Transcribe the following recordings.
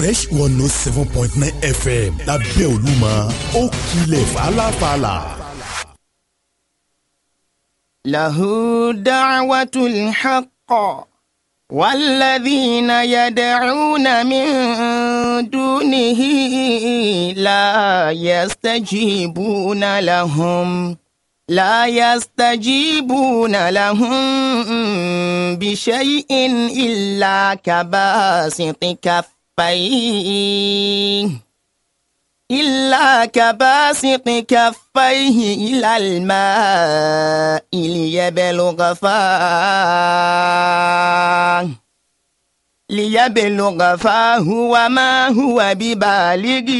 fresh one note oh seven point nine fm lábẹ́ olúmọ ó kilẹ̀ fàlàfàlà. lahu da'watul haqq. والذين يدعون من دونه لا يستجيبون لهم لا يستجيبون لهم بشيء إلا كباسط كف كفيه إلا كباسق كفيه إلى الماء ليبلغ فاه ليبلغ فاه وما هو ببالغه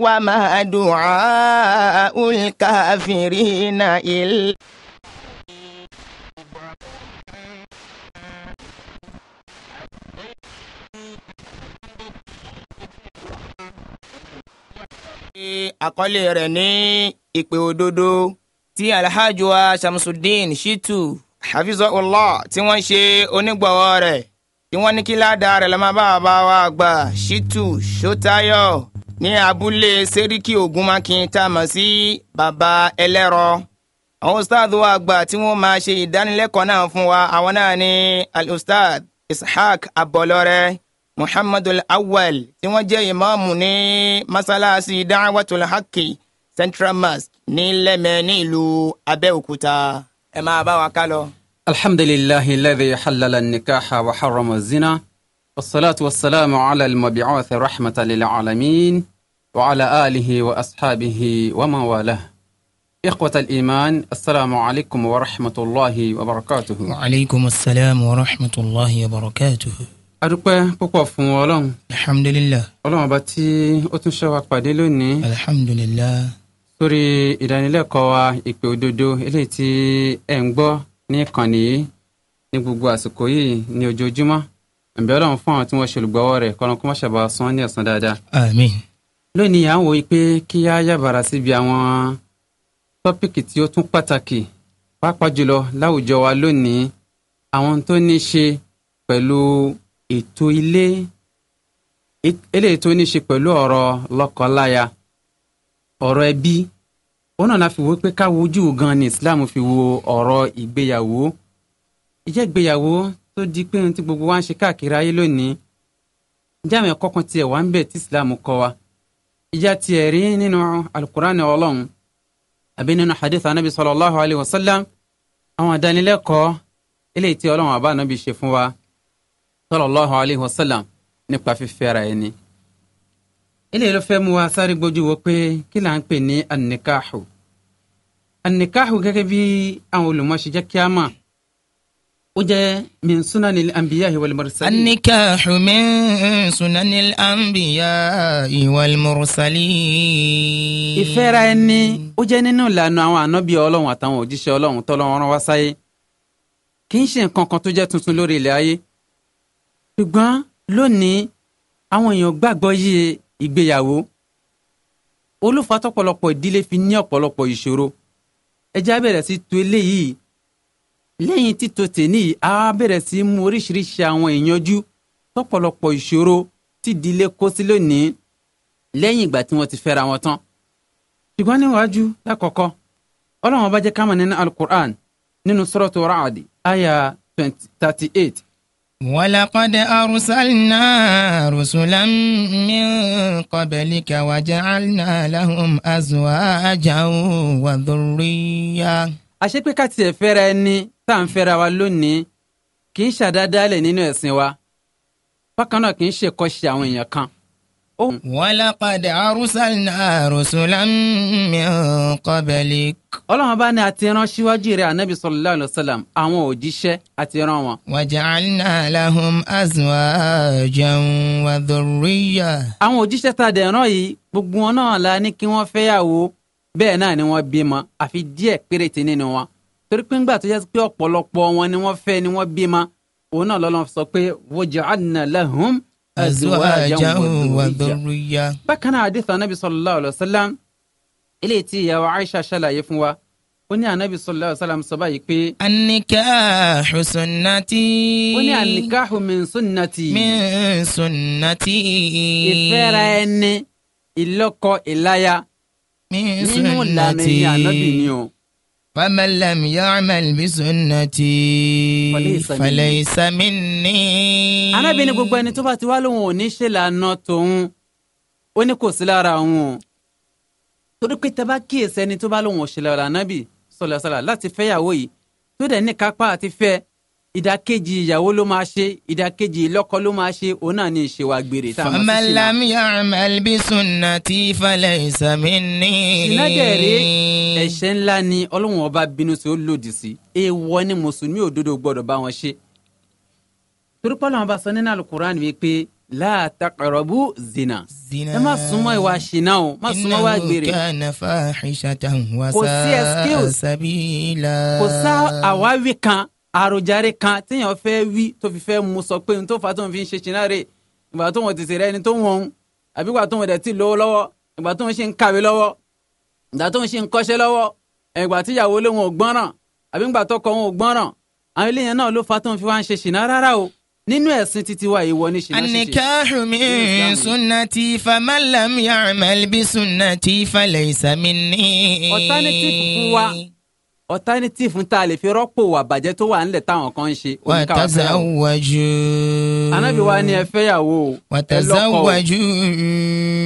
وما دعاء الكافرين إلا àkọlé rẹ̀ ní ìpè òdodo ti alhaji wa shitu hafizahullah tí wọ́n ṣe onígbọ̀wọ́ rẹ̀ tí wọ́n ní kí ládàá rẹ̀ lọ́mọ bá bá wa gbà shitu shotayo ní abúlé seriki ogunmakin tá a mọ̀ sí baba ẹlẹ́rọ àwọn ustaad wa àgbà tí wọ́n máa ṣe ìdánilẹ́kọ̀ọ́ náà fún wa àwọn náà ní alustad ishaq abọlọrẹ muhammadul awal tí wọ́n jẹ́ ìmáàmù ní masalasi da'watul haqqi central mosque ní lẹ́mẹ̀ ní ìlú abẹ́òkúta ẹ máa bá wa ká lọ. alhamdulilayi alladhi halala nikaha wa haramu zina wasalatu wasalamu ala almabicooti raxmata alamin wa ala alihi wa asxaabihi wa man walah. إخوة الإيمان السلام عليكم ورحمة الله وبركاته وعليكم السلام ورحمة الله وبركاته adúpẹ́ púpọ̀ fún ọlọ́run. alhamdulilah. ọlọ́run ọba tí ó tún ṣe wa pàdé lónìí. alhamdulilah. sórí ìdánilẹ́kọ̀ọ́ wa ìpè òdodo eléyìí tí ẹ̀ ń gbọ́ ní ìkànnì yìí ní gbogbo àsìkò yìí ní ojoojúmọ́ ǹbẹ́ ọlọ́run fún àwọn tí wọ́n ṣe olùgbọ́wọ́ rẹ̀ kọ́ran kó má ṣàbà san ní ẹ̀san dáadáa. àmín. lónìí à ń wòye pé kí á yàbàrà síbi àwọn tọ́pìkì tí ó tún pàtàkì pàápàá jùlọ láwùjọ wa lónìí àwọn tó ní ṣe pẹ̀lú ètò ilé eléyìí tó ní í ṣe pẹ̀lú ọ̀rọ̀ lọ́kọ-láya ọ̀rọ̀ ẹbí òun náà la fi wo pé káwo ojú gan ni Islam fi wo ọ̀rọ̀ ìgbéyàwó ìjẹ́ ìgbéyàwó tó di pé ohun tí gbogbo wa ń ṣe káàkiri ayé lónìí ìjẹ́ àwọn ẹ̀kọ́ kan tiẹ̀ wá ń bẹ̀ tí Islam kọ́ wa ìjẹ́ tiẹ̀ rí nínú alukur'an ọlọ́run àbí nínú hadith anabi sallallahu alayhi wa sallam àwọn ìdánilẹ́kọ̀ọ́ eléyìí tí ọlọ́run àbá anabi ṣe fún wa sallallahu alayhi wa sallam nípa fífẹ́ ara ẹni. eléyìí ló fẹ́ mú wa sáré gbójú wo pé kí là ń pè ní anikahu anikahu gẹ́gẹ́ bí àwọn olùmọ̀ọ́sí jẹ́ kí a mọ̀ ó jẹ́ min sunani anbiyahi wal mursalin. anikahu min sunani anbiyahi wal mursalin. ìfẹ́ra ẹni ó jẹ́ nínú ìlànà àwọn ànábì ọlọ́run àtàwọn òjíṣẹ́ ọlọ́run tọ́lọ́run wá sáyé kì í ṣe nǹkan kan tó jẹ́ tuntun lórí ilẹ̀ ayé ṣùgbọ́n lónìí àwọn èèyàn gbàgbọ́ yíye ìgbéyàwó olùfà tọ́pọ̀lọpọ̀ ìdílé fi ní ọ̀pọ̀lọpọ̀ ìṣòro ẹjẹ́ á bẹ̀rẹ̀ sí tò eléyìí lẹ́yìn títò tèní yìí á bẹ̀rẹ̀ sí mú oríṣiríṣi àwọn ìyanjú tọ́pọ̀lọpọ̀ ìṣòro tí ìdílé kó sí lónìí lẹ́yìn ìgbà tí wọ́n ti fẹ́ra wọn tán ṣùgbọ́n níwájú lákọ̀ọ́kọ́ ọlọ́run ọba jẹ́ ká nínú alukur'an nínú suratu Ra'd àyà thirty eight ولقد أرسلنا رسلا من قبلك وجعلنا لهم أزواجا وذرية àṣé pé ká tiẹ̀ fẹ́ra ẹni tá à ń fẹ́ra wa lónìí kì í ṣàdádálẹ̀ nínú ẹ̀sìn wa bákan náà kì í ṣe kọ́ṣe àwọn èèyàn kan. ولقد أرسلنا رسلا من قبلك ọlọ́run bá ní àti rán síwájú rẹ̀ anabi sallallahu alayhi wa sallam àwọn òjíṣẹ́ àti rán wọn. waja'alna lahum azwajan wa dhurriya. àwọn òjíṣẹ́ tá a dẹ̀ rán yìí gbogbo wọn náà la ní kí wọ́n fẹ́yàwó bẹ́ẹ̀ náà ni wọ́n bímọ àfi díẹ̀ péréte nínú wọn torí pé ńgbà tó yẹ pé ọ̀pọ̀lọpọ̀ wọn ni wọ́n fẹ́ ni wọ́n bímọ òun náà lọ́lọ́ sọ pé waja'alna lahum azwajan wa dhurriya. bákan náà eléyìí tí ìyàwó Aisha ṣàlàyé fún wa ó ní anabi sallallahu alaihi wasallam sọ báyìí pé. an-nikahu sunnati. ó ní an-nikahu min sunnati. min sunnati. ìfẹ́ra ẹni ìlọ́kọ ìláya nínú ìlànà ìyá anabi ni o. لم يعمل بسنتي فليس مني. arábìnrin gbogbo ẹni tó bá ti wá lóhùn ò ní ṣe lànà tòun ó ní kò sí lára òun torí pé tẹ bá kíyèsí ẹni tó bá lóun òṣèlè ànábì sọlọsọlọ láti fẹ́yàwó yìí tó dẹ̀ ní kápá àti fẹ́ ìdákejì ìyàwó ló máa ṣe ìdákejì ìlọ́kọ ló máa ṣe òun náà ní ìṣèwà gbèrè tá a máa ṣe ṣìnà. famalam ya'mal bi sunnati falaysa minni. sinadẹ̀rẹ̀ ẹ̀ṣẹ̀ ńlá ni ọlọ́run ọba bínú tí ó lòdì sí èèwọ̀ ni mùsùlùmí òdodo gbọ́dọ̀ bá wọn ṣe. torí pọ́lọ́mọba sọ nínú àlùkùránì wípé la taqrabu zina. zina ẹ má súnmọ́ ìwà ṣìnà o má súnmọ́ ìwà gbèrè. innahu kana fahishatan wa sa'a sabila. kò sá àwáwí kan àròjàre kan téèyàn fẹ́ wí tó fi fẹ́ mú sọ pé n tó fa tó ń fi ṣe ṣìnà rẹ̀ ìgbà tó wọn tètè rẹ ẹni tó wọn àbí ìgbà tó wọn dẹ̀ ti lówó lọ́wọ́ ìgbà tó wọn ṣe ń kàwé lọ́wọ́ ìgbà tó wọn ṣe ń kọ́ṣẹ́ lọ́wọ́ ìgbà tí ìyàwó lé wọn ò gbọ́ràn àbí ìgbà tọkọ wọn ò gbọ́ràn àwọn eléyàn náà ló fa tó ń fi wá ń ṣe ṣìnà rárá o nínú ẹ̀sìn títí wa ìwọ ní ṣìnà ṣíṣe. anikahu min sunnati faman lam ya'mal bi sunnati falaysa minni. alternative fún wa alternative tá a lè fi rọ́pò wà bàjẹ́ tó wà nílẹ̀ táwọn kan ń ṣe. wa tazawwaju. anábì wa ni ẹ fẹ́yàwó. wa tazawwaju.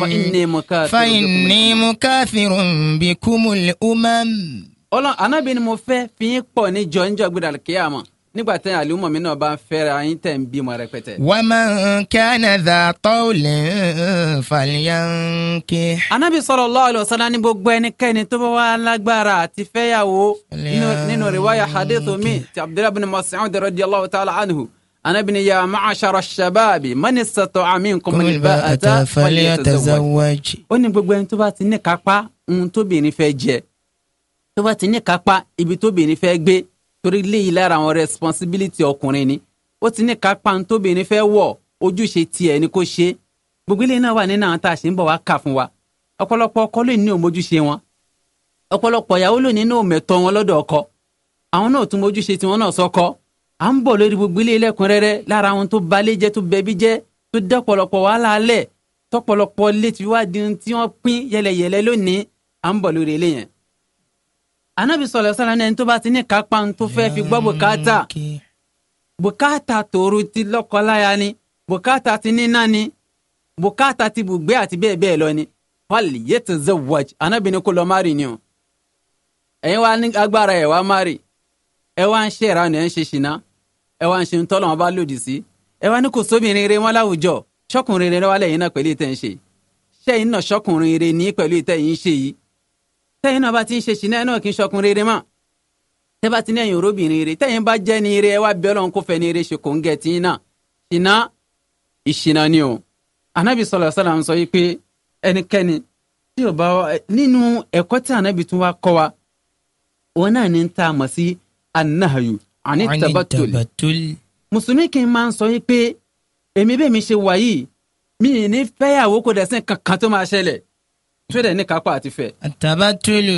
fa inni mukathirun. fa inni umam. ọlọ́run anábì ni mo fẹ́ fi yín pọ̀ ní jọ́njọ́ gbẹdàlùkíyàmọ̀ nígbà tẹ́ àlùmọ̀ mi náà bá ń fẹ́ra yín tẹ̀ ń bímọ rẹpẹtẹ. wa man kana dha tawlin falyankih. anábì sallallahu alaihi wasallam ní gbogbo ẹnikẹ́ni tó bá wà lágbára àti fẹ́yàwó nínú riwaya hadithu mi ti abdullahi bin mas'ud radiyallahu ta'ala anhu anábì ní ya ma'ashara shababi man istata'a minkum al-ba'ata falyatazawwaj. ó ní gbogbo ẹni tó bá ti ní kápá ohun tóbìnrin ní fẹ́ torí léyìí lára àwọn responsibility ọkùnrin ni ó ti ní kápá ń tóbìnrin fẹ́ wọ̀ ojúṣe tiẹ̀ ni kó ṣe gbogbo ilé náà wà nínú àwọn tá a ṣe ń bọ̀ wá kà fún wa ọ̀pọ̀lọpọ̀ ọkọ ló ní òmójúṣe wọn ọ̀pọ̀lọpọ̀ ìyàwó ló nínú òmẹ̀tọ́ wọn lọ́dọ̀ ọkọ àwọn náà tún mójúṣe tiwọn náà sọkọ à ń bọ̀ lórí gbogbo ilé lẹ́kùnrẹ́rẹ́ lára àwọn tó balẹ̀ jẹ́ tó bẹbí jẹ́ tó dẹ́pọ̀lọpọ̀ wàhálà alẹ̀ tọ́pọ̀lọpọ̀ létí wá di tí wọ́n pín yẹlẹyẹlẹ lónìí à ń bọ̀ lórí ilé anabi sọlọ sọlọ ní ẹni tó bá ti ní kápá tó fẹ́ fi gbọ́ bùkátà bùkátà tòru ti lọ́kọláya ni bùkátà ti níná ni bùkátà ti bùgbé àti bẹ́ẹ̀ bẹ́ẹ̀ lọ ni pali yẹtù zẹwàj anabi ní kó lọ mari ni o ẹ̀yin wa ní agbára ẹ̀ wá mari ẹ̀ wá ń ṣe ìranù ẹ̀ ń ṣe ṣìnà ẹ̀ wá ń ṣe ń tọ́lọ̀ bá lòdì sí ẹ̀ wá ní kò sóbìnrin rere wọn láwùjọ ṣọkùnrin rere wọn lẹ́yìn náà pẹ̀lú ìtẹ̀ ń ṣe ṣẹ́yìn náà ṣọkùnrin rere ní pẹ̀lú ìtẹ̀ yìí ṣe yìí tẹ́yìn náà bá ti ń ṣe ṣìnà náà kì í ṣọkùn rere mọ́ tẹ́ bá ti ní ẹ̀yìn òróbìnrin rere tẹ́yìn bá jẹ́ ní ire ẹ wá bí ọlọ́run kó fẹ́ ní ire ṣe kò ń gẹ̀ tí náà ṣìnà ìṣìnà ni o anabi sọlọ sọlọ ń sọ yìí pé ẹnikẹ́ni tí ò bá nínú ẹ̀kọ́ tí anabi tún wá kọ́ wa òun náà ní ta mọ̀ sí anahayu àní tabatoli mùsùlùmí kì í máa ń sọ yìí pé èmi bẹ́ẹ̀ mi ṣe wà yìí mi ní fẹ́yàwó kò kankan tó máa ṣẹlẹ̀ tó dẹ̀ ní kápá àti fẹ́. àtàbátúlù.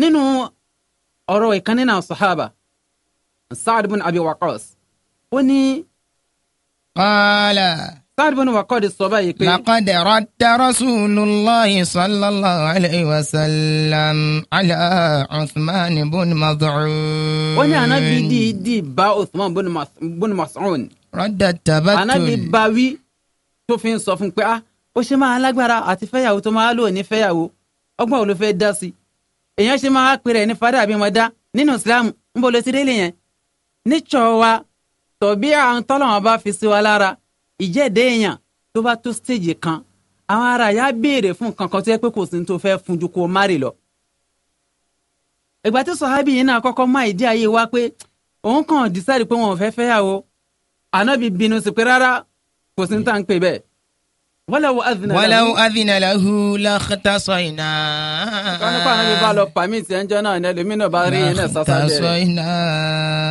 nínú ọ̀rọ̀ ìkan nínú sahaba saad bin abi waqas ó ní. qala. saad bin waqas sọ báyìí pé. laqad radda rasulillahi sallallahu alayhi wa sallam ala usman bin mad'un. ó ní anabi dìídì bá usman bin mas'un. radda tabattul. anabi bawi tó fi ń sọ fún pé ah. ó ṣe máa lágbára àti fẹ́yàwó tó máa lò ní fẹ́yàwó ọgbọ́n wo ló fẹ́ dá sí èèyàn ṣe máa pè rẹ̀ ní fada Islam ń bolo yen. délé yẹn níṣọ́ wa tọ̀bí àwọn tọ́lọ́wọ́n bá fi sí wa lára ìjẹ́dẹ́ èèyàn tó bá tó stéèjì kan àwọn ará yá fún kankan kan tó yẹ pé kò sí ní tó fẹ́ ju kó lọ. ìgbà tí sọ̀hábì yìí náà kọ́kọ́ ayé wa pé òun kàn pé wọn ò fẹ́ fẹ́yàwó wọ́lẹ́wọ́ azina lahu. wọ́lẹ́wọ́ azina lahu lakata sọ̀yìnà. kọ́ni kọ́ àná mi bá lọ pàmì tí ẹnjọ́ náà ní ẹlòmíì náà bá rí yẹn náà sọ́sọ́ bẹ̀rẹ̀. lakata sọ̀yìnà.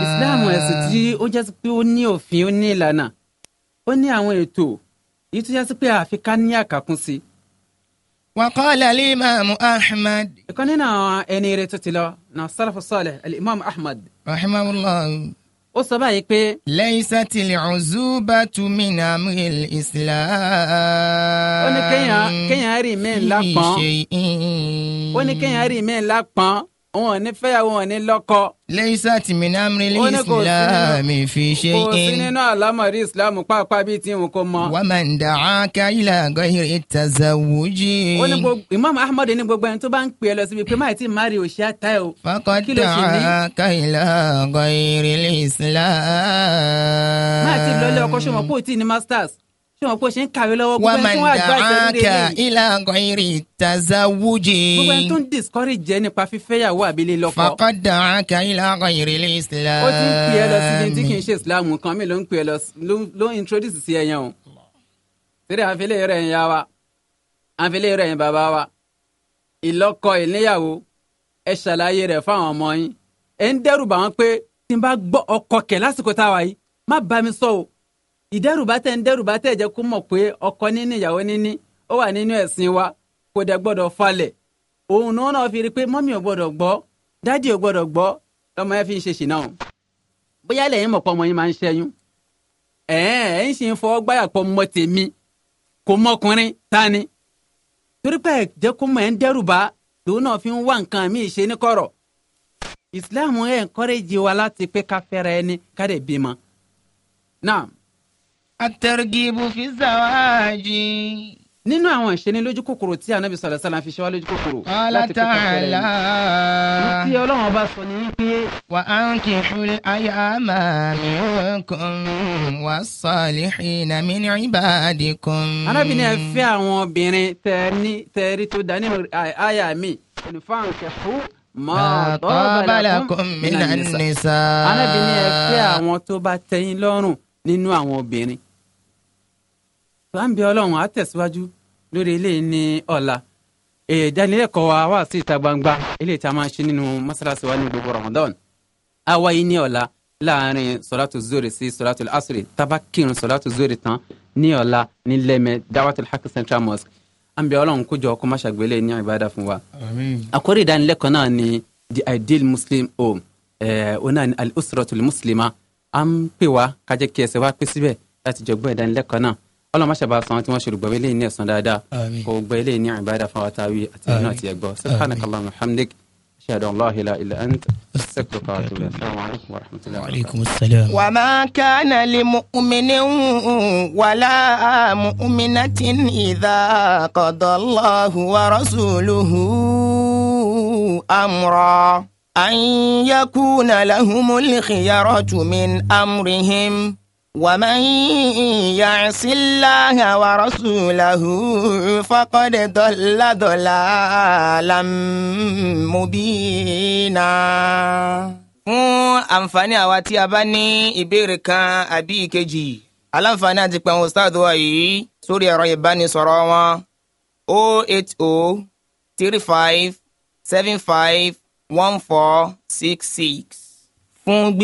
ìsìláàmù ẹ̀sìn tí ó jẹ́ pé ó ní òfin ó ní ìlànà ó ní àwọn ètò èyí tó jẹ́ pé àfi ká ní àkàkùn sí. wa qala alimami ahmed. ìkànnì náà ẹni rẹ̀ tó ti lọ náà sálàfù sálẹ̀ alimami ahmed. rahimahullah ó sọ báyìí pé. laysatil uzubatu min amril islam. ó ní kéèyàn kéèyàn rí mẹ́ẹ̀ lápọ́n. ó ní kéèyàn rí mẹ́ẹ̀ lápọ́n wọn ò ní fẹ́yàwó wọn ò ní lọ́kọ. leisa tìmí ní amúrílì ìsìlámì fi ṣe in. kò sí nínú àlámọ̀rí ìsìlámù pàápàá bíi tí n kò mọ. wà á máa ń dà á ká ilà àgọ́ ìrè tazawuji. ó ní gbogbo imam ahmed ní gbogbo ẹni tó bá ń pè é lọ síbi pé máa ti mari òṣìṣẹ́ ata o. fọkọ dà á ìsìlámù. máa ti lọ ilé ọkọ ṣọmọ kó o tí ní masters ṣé wọn kò ṣe ń kàwé lọ́wọ́ gbogbo ẹni tó wà gba ìfẹ́ lórí èyí. ilà ọkọ irin taza gbogbo ẹni tó ń discourage jẹ nípa fífẹ́yàwó àbílẹ̀ lọ́kọ. fàkọ́dà áńkà ilà ọkọ irin islam. ó ti ń pè é lọ sí ibi tí kì í ṣe islam kan mi ló ń pè é lọ ló ń introduce sí ẹyẹ o. sílẹ̀ àfẹ́lẹ́ rẹ̀ ń yá wa àfẹ́lẹ́ rẹ̀ ń bàbá wa. ìlọ́kọ ìníyàwó ẹ ṣàlàyé rẹ̀ fáwọn ọmọ yín. ẹ ń dẹ́rù bà ìdẹ́rùbá tẹ̀ ń dẹ́rùbá tẹ̀ jẹ́ kó mọ̀ pé ọkọ níní ìyàwó níní ó wà nínú ẹ̀sìn wa kò dẹ̀ gbọ́dọ̀ falẹ̀ òun náà náà fi rí i pé mọ́mí ò gbọ́dọ̀ gbọ́ dádì ò gbọ́dọ̀ gbọ́ lọ́mọ yẹn fi ń ṣe ṣìnà o bóyá lẹ́yìn mọ̀ pọ́ ọmọ yín máa ń ṣẹ́yún ẹ̀ẹ́n ẹ̀ ń ṣe ń fọwọ́ gbáyà pọ̀ mọ́ tèmi kò mọkùnrin ta torí pé ẹ̀jẹ̀ kó mọ̀ ẹ̀ ń dẹ́rùbá lòun náà fi ń wá nǹkan míì ṣe ní kọ̀rọ̀ Islam ẹ̀ ń kọ́rẹ́jì wa láti pé ká fẹ́ra ẹni ká dẹ̀ bímọ náà àtẹrùgìbù fi ṣàwájì. nínú àwọn ìṣenilójú kòkòrò tí anabi sọ̀rọ̀ sálà fi ṣe wá lójú kòkòrò. alátàlá. tí ọlọ́run ọba sọ ní pé. wà á ń kí fúlẹ̀ ayé àmà mi kún wà sọ̀lì ìnà mi ní ìbàdí kún. arábìnrin náà fẹ́ àwọn obìnrin tẹ̀rí tó dá nínú àyà mi. onífàǹ kẹfù ma tọ́balakun minan nisa. arábìnrin náà fẹ́ àwọn tó bá tẹ́yìn lọ́rùn nínú àwọn obìnrin bá ń bẹ ọlọ́run á tẹ̀síwájú lórí ilé ní ọ̀la ìdánilẹ́kọ̀ọ́ wa wà sí ìta gbangba ilé ìta máa ń ṣe nínú mọ́sálásí wa ní gbogbo Ramadan àwa yìí ní ọ̀la láàrin sọ̀látù zori sí sọ̀látù asiri tabakirin sọ̀látù zori tán ní ọ̀la ní lẹ́mẹ̀ dawatul haq central mosque an bẹ ọlọ́run kó jọ kó má ṣàgbélé ní ìbádà fún wa. àkórí ìdánilẹ́kọ̀ọ́ náà ni the ideal muslim home ọ̀nà ni al-usratul muslima à ń pè wá kájẹ́ kí ẹsẹ̀ wá pé síbẹ̀ láti jọ gbọ́ ìdánilẹ́kọ̀ọ́ náà ọlọmọ ṣẹba san tí wọn ṣe olùgbọ́ eléyìí ní ẹ̀san dáadáa kò gbọ́ eléyìí ní ìbáda fún wa táwí àti nínú àti ẹ̀gbọ́ subhanakallahu hamdik ashhadu an la ilaha illa ant astaghfiruka wa atubu ilayk assalamu alaykum wa rahmatullahi wa barakatuh. wa ma kana li mu'minin wala mu'minatin idha qadallahu wa rasuluhu amra an yakuna lahumul khiyaratu min amrihim. ومن يعص الله ورسوله فقد ضل ضلالا مبينا fún àǹfààní àwa tí a bá ní ìbéèrè kan àbí ìkejì aláǹfààní àti pẹ̀hún ustaad wa yìí sórí ẹ̀rọ ìbánisọ̀rọ̀ wọn o oh eight o oh